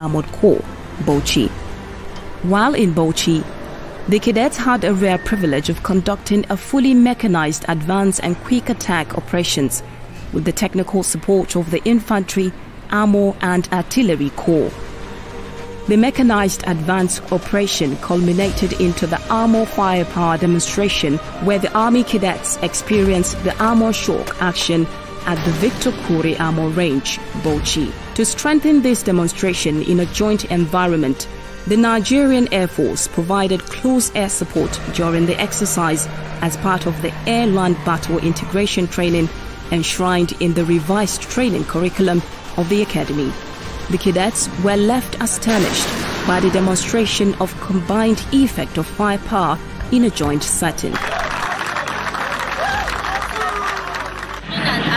Armored Corps, Bochi. While in Bochi, the cadets had a rare privilege of conducting a fully mechanized advance and quick attack operations with the technical support of the Infantry, Armor and Artillery Corps. The mechanized advance operation culminated into the Armor Firepower demonstration where the Army cadets experienced the Armor Shock action at the Victor Kuri Ammo Range, Bochi. To strengthen this demonstration in a joint environment, the Nigerian Air Force provided close air support during the exercise as part of the Air Land Battle Integration Training enshrined in the revised training curriculum of the Academy. The cadets were left astonished by the demonstration of combined effect of firepower in a joint setting.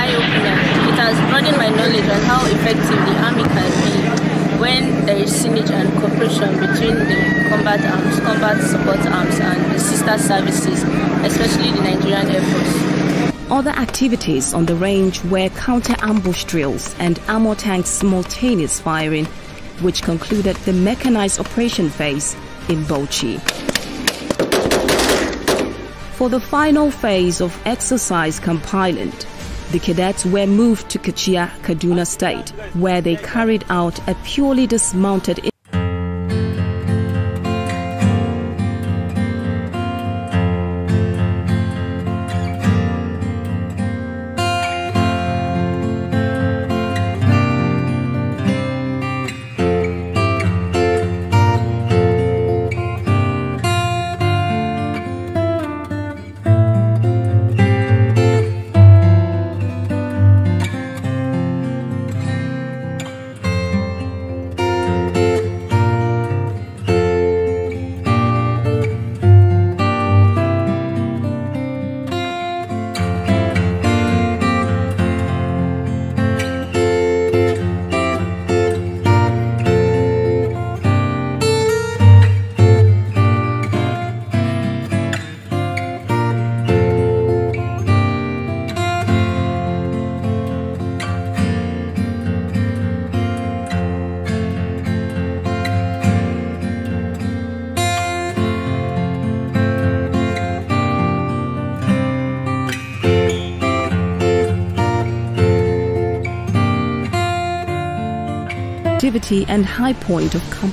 eye-opener. It has broadened my knowledge on how effective the army can be when there is synergy and cooperation between the combat arms, combat support arms and the sister services, especially the Nigerian Air Force. Other activities on the range were counter-ambush drills and armor tanks simultaneous firing, which concluded the mechanized operation phase in Bochi. For the final phase of exercise compilant, the cadets were moved to Kachia, Kaduna State, where they carried out a purely dismounted Activity and high point of company.